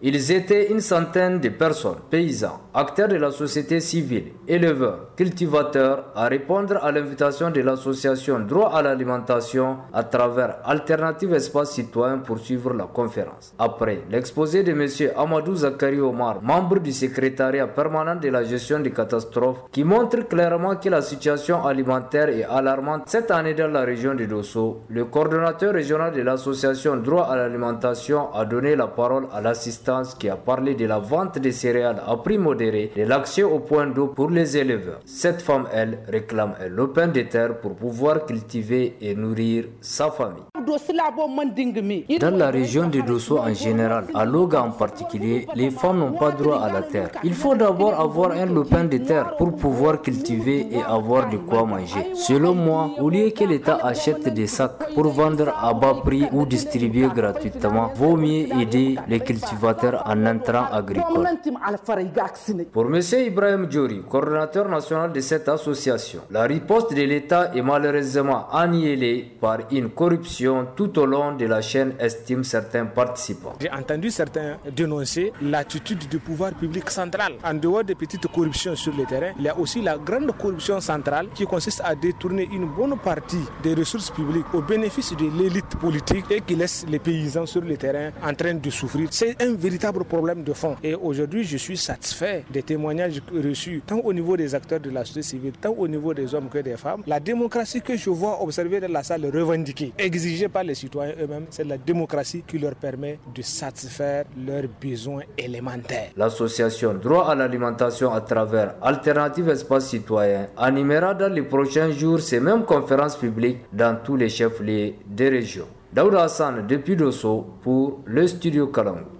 Ils étaient une centaine de personnes, paysans, acteurs de la société civile, éleveurs, cultivateurs, à répondre à l'invitation de l'association Droit à l'alimentation à travers Alternative Espace Citoyen pour suivre la conférence. Après l'exposé de M. Amadou Zakari Omar, membre du secrétariat permanent de la gestion des catastrophes, qui montre clairement que la situation alimentaire est alarmante cette année dans la région de Dosso, le coordonnateur régional de l'association Droit à l'alimentation a donné la parole à l'assistant qui a parlé de la vente des céréales à prix modéré et l'accès au point d'eau pour les éleveurs. Cette femme, elle, réclame un lopin de terre pour pouvoir cultiver et nourrir sa famille. Dans la région de Dosso en général, à Loga en particulier, les femmes n'ont pas droit à la terre. Il faut d'abord avoir un lopin de terre pour pouvoir cultiver et avoir de quoi manger. Selon moi, au lieu que l'État achète des sacs pour vendre à bas prix ou distribuer gratuitement, vaut mieux aider les cultivateurs en entrant agricole. Pour M. Ibrahim Djori, coordinateur national de cette association, la riposte de l'État est malheureusement annihilée par une corruption tout au long de la chaîne estiment certains participants. J'ai entendu certains dénoncer l'attitude du pouvoir public central. En dehors des petites corruptions sur le terrain, il y a aussi la grande corruption centrale qui consiste à détourner une bonne partie des ressources publiques au bénéfice de l'élite politique et qui laisse les paysans sur le terrain en train de souffrir. C'est un véritable problème de fond. Et aujourd'hui, je suis satisfait des témoignages reçus, tant au niveau des acteurs de la société civile, tant au niveau des hommes que des femmes. La démocratie que je vois observer dans la salle revendiquée, exigée pas les citoyens eux-mêmes, c'est la démocratie qui leur permet de satisfaire leurs besoins élémentaires. L'association Droit à l'alimentation à travers Alternative Espace Citoyen animera dans les prochains jours ces mêmes conférences publiques dans tous les chefs-lieux des régions. Daouda Hassan depuis Dosso pour le studio Kaloum.